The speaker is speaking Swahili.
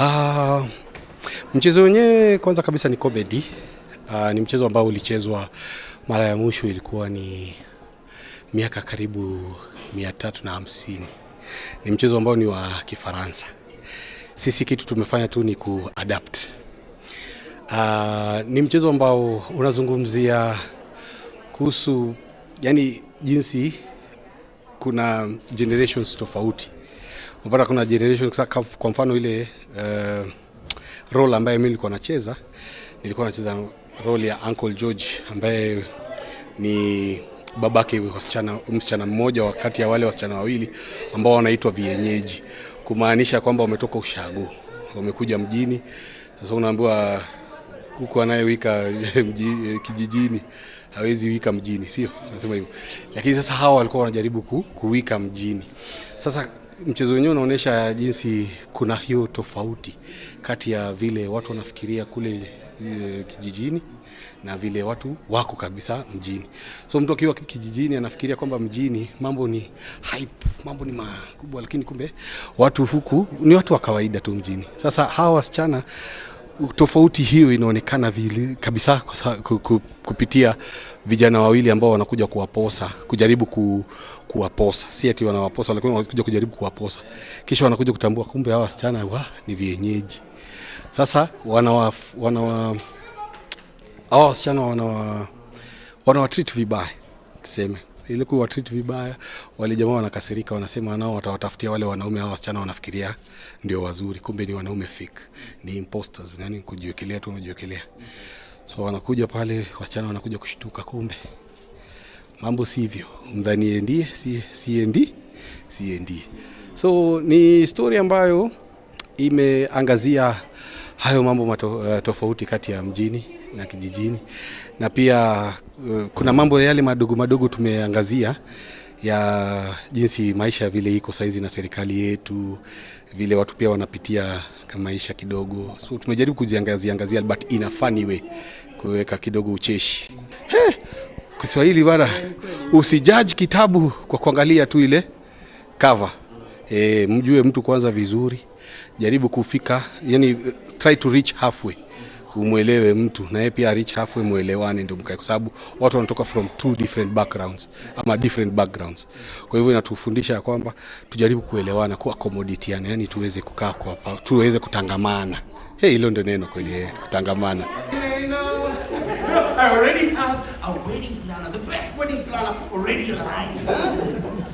Uh, mchezo wenyewe kwanza kabisa ni comedy. Uh, ni mchezo ambao ulichezwa mara ya mwisho ilikuwa ni miaka karibu mia tatu na hamsini. Ni mchezo ambao ni wa Kifaransa. Sisi kitu tumefanya tu ni kuadapt. Uh, ni mchezo ambao unazungumzia kuhusu yani jinsi kuna generations tofauti unapata kuna generation kwa mfano ile uh, role ambaye mimi nilikuwa nacheza, nilikuwa nacheza role ya Uncle George ambaye ni babake wasichana msichana mmoja wakati ya wale wasichana wawili ambao wanaitwa vienyeji, kumaanisha kwamba wametoka ushago wamekuja mjini. Sasa unaambiwa kuku anayewika eh, eh, kijijini hawezi wika mjini, sio? Nasema hivyo, lakini sasa hawa walikuwa wanajaribu ku, kuwika mjini. Sasa mchezo wenyewe unaonyesha jinsi kuna hiyo tofauti kati ya vile watu wanafikiria kule e, kijijini na vile watu wako kabisa mjini. So mtu akiwa kijijini anafikiria kwamba mjini mambo ni hype, mambo ni makubwa, lakini kumbe watu huku ni watu wa kawaida tu mjini. Sasa hawa wasichana tofauti hiyo inaonekana vili kabisa kupitia vijana wawili ambao wanakuja kuwaposa, kujaribu ku, kuwaposa, si ati wanawaposa, lakini wanakuja kujaribu kuwaposa, kisha wanakuja kutambua kumbe hawa wasichana wa ni vienyeji. Sasa wanawa wanawa hawa wasichana wanawa treat vibaya tuseme ile kuwatreat vibaya, wale jamaa wanakasirika, wanasema nao watawatafutia wale wanaume hao, wasichana wanafikiria ndio wazuri, kumbe ni wanaume fake, ni imposters, yani kujiwekelea tu, unajiwekelea. So wanakuja pale, wasichana wanakuja kushtuka, kumbe mambo sivyo, mdhanie ndiye siendi siendi. So ni story ambayo imeangazia hayo mambo mato, uh, tofauti kati ya mjini na kijijini, na pia eh, kuna mambo yale madogo madogo tumeangazia ya jinsi maisha vile iko saizi na serikali yetu vile watu pia wanapitia maisha kidogo, so tumejaribu kuziangazia angazia, but in a funny way, kuweka kidogo ucheshi. Kiswahili bana, usijaji kitabu kwa kuangalia tu ile cover. E, mjue mtu kwanza vizuri, jaribu kufika, yani try to reach halfway umwelewe mtu na yeye pia reach halfway, muelewane ndio mkae, kwa sababu watu wanatoka from two different backgrounds ama different backgrounds. Kwa hivyo inatufundisha kwamba tujaribu kuelewana, kuakomoditiana, yani tuweze kukaa kwa hapa, tuweze kutangamana. Hey, hilo ndio neno kweli, eh, kutangamana. I already have a wedding planner. The best wedding planner already